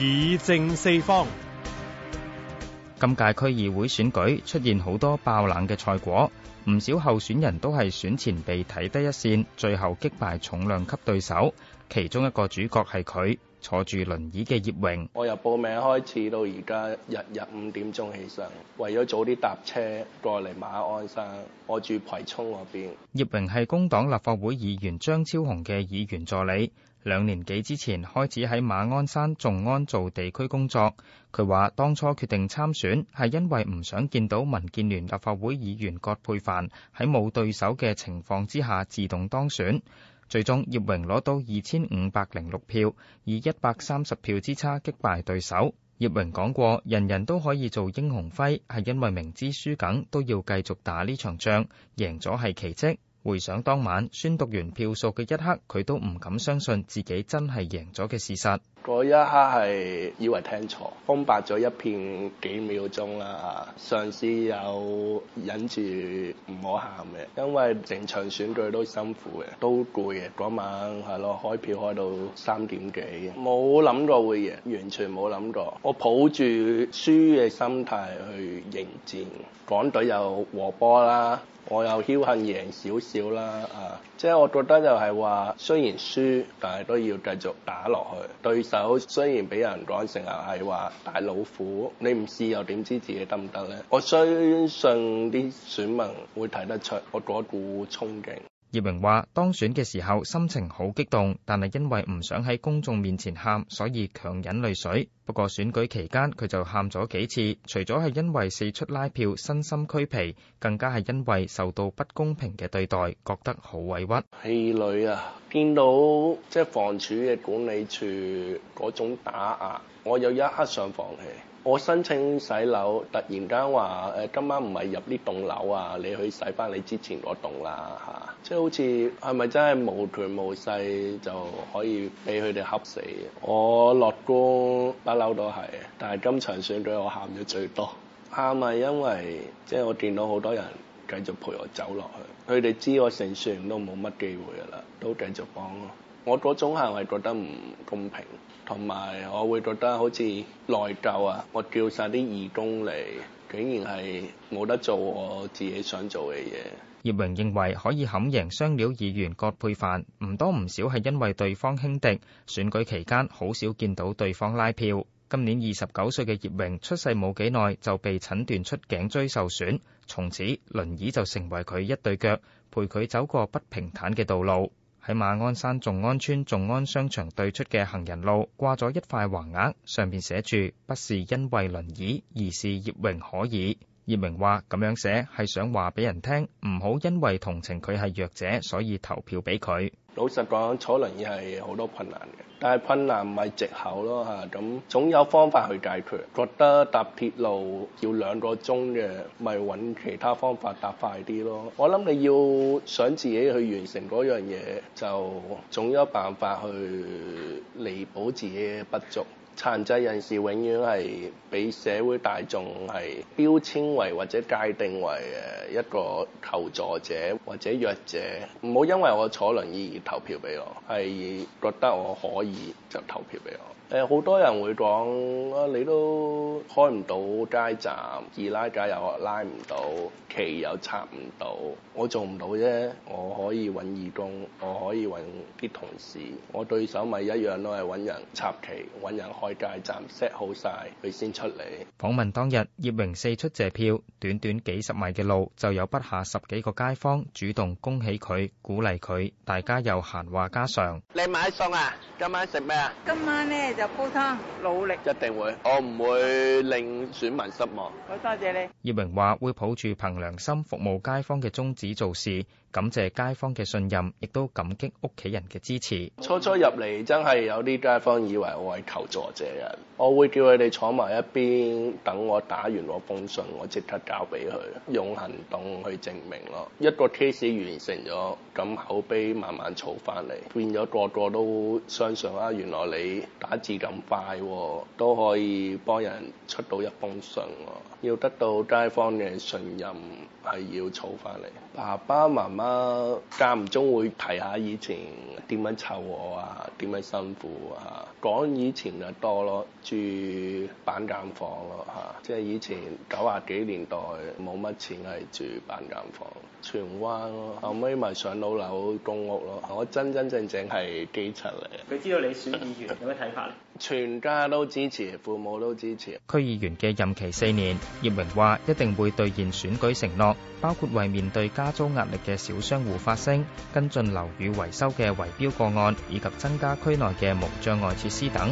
議政四方。今屆區議會選舉，出現好多爆冷嘅賽果，唔少候選人都係選前被睇低一線，最後擊敗重量級對手。其中一個主角係佢，坐住輪椅嘅葉榮。我由報名開始到而家，日日五點鐘起身，為咗早啲搭車過嚟馬鞍山。我住葵涌嗰邊。葉榮係工黨立法會議員張超雄嘅議員助理。兩年幾之前開始喺馬鞍山頌安做地區工作，佢話當初決定參選係因為唔想見到民建聯立法會議員葛珮帆喺冇對手嘅情況之下自動當選。最終葉榮攞到二千五百零六票，以一百三十票之差擊敗對手。葉榮講過，人人都可以做英雄輝，係因為明知輸梗都要繼續打呢場仗，贏咗係奇蹟。回想當晚宣讀完票數嘅一刻，佢都唔敢相信自己真係贏咗嘅事實。嗰一刻係以為聽錯，空白咗一片幾秒鐘啦，啊，嘗試有忍住唔好喊嘅，因為整場選舉都辛苦嘅，都攰嘅。嗰晚係咯，開票開到三點幾，冇諗過會贏，完全冇諗過。我抱住輸嘅心態去迎戰，港隊又和波啦，我又僥幸贏少少啦，啊，即係我覺得就係話，雖然輸，但係都要繼續打落去對。就雖然俾人講成日係話大老虎，你唔試又點知道自己得唔得呢？我相信啲選民會睇得出我嗰股衝勁。葉榮話當選嘅時候心情好激動，但係因為唔想喺公眾面前喊，所以強忍淚水。不過選舉期間，佢就喊咗幾次，除咗係因為四出拉票，身心俱疲，更加係因為受到不公平嘅對待，覺得好委屈。氣餒啊，見到即係房署嘅管理處嗰種打壓，我有一刻想放棄。我申請洗樓，突然間話誒，今晚唔係入呢棟樓啊，你去洗翻你之前嗰棟啦嚇、啊！即係好似係咪真係無權無勢就可以俾佢哋恰死？我落工不嬲都係，但係今場選舉我喊咗最多，喊咪因為即係我見到好多人繼續陪我走落去，佢哋知我勝算都冇乜機會㗎啦，都繼續幫我。我嗰種行為覺得唔公平，同埋我會覺得好似內疚啊！我叫晒啲義工嚟，竟然係冇得做我自己想做嘅嘢。葉榮認為可以冚贏雙料議員葛珮帆，唔多唔少係因為對方輕敵，選舉期間好少見到對方拉票。今年二十九歲嘅葉榮出世冇幾耐就被診斷出頸椎受損，從此輪椅就成為佢一對腳，陪佢走過不平坦嘅道路。喺馬鞍山頌安邨頌安商場對出嘅行人路掛咗一塊橫額，上面寫住：不是因為輪椅，而是葉榮可以。葉榮話：咁樣寫係想話俾人聽，唔好因為同情佢係弱者，所以投票俾佢。老實講，坐輪椅係好多困難嘅，但係困難唔係藉口咯嚇，咁、啊、總有方法去解決。覺得搭鐵路要兩個鐘嘅，咪揾其他方法搭快啲咯。我諗你要想自己去完成嗰樣嘢，就總有辦法去彌補自己嘅不足。殘疾人士永遠係俾社會大眾係標籤為或者界定為誒一個求助者或者弱者，唔好因為我坐輪椅而投票俾我，係覺得我可以就投票俾我。誒好多人會講啊，你都開唔到街站，二拉架又拉唔到，旗又插唔到，我做唔到啫。我可以揾義工，我可以揾啲同事，我對手咪一樣都係揾人插旗，揾人開。街站 set 好晒，佢先出嚟。訪問當日，葉榮四出借票，短短幾十米嘅路就有不下十幾個街坊主動恭喜佢，鼓勵佢，大家又閒話家常。你買餸啊？今晚食咩啊？今晚呢就煲湯，努力一定會。我唔會令選民失望。好多謝你。葉榮話會抱住憑良心服務街坊嘅宗旨做事。感謝街坊嘅信任，亦都感激屋企人嘅支持。初初入嚟真係有啲街坊以為我係求助者人，我會叫佢哋坐埋一邊，等我打完嗰封信，我即刻交俾佢，用行動去證明咯。一個 case 完成咗，咁口碑慢慢儲翻嚟，變咗個個都相信啊！原來你打字咁快，都可以幫人出到一封信。要得到街坊嘅信任係要儲翻嚟，爸爸媽媽。啊，間唔中會提下以前點樣湊我啊，點樣辛苦啊，講以前就多咯，住板間房咯嚇、啊，即係以前九十幾年代冇乜錢係住板間房，荃灣咯，後尾咪上老樓公屋咯，我真真正正係基層嚟。佢知道你選議員 有咩睇法？全家都支持，父母都支持。區議員嘅任期四年，葉榮話一定會兌現選舉承諾，包括為面對加租壓力嘅。小商戶發聲，跟進樓宇維修嘅圍標個案，以及增加區內嘅無障礙設施等。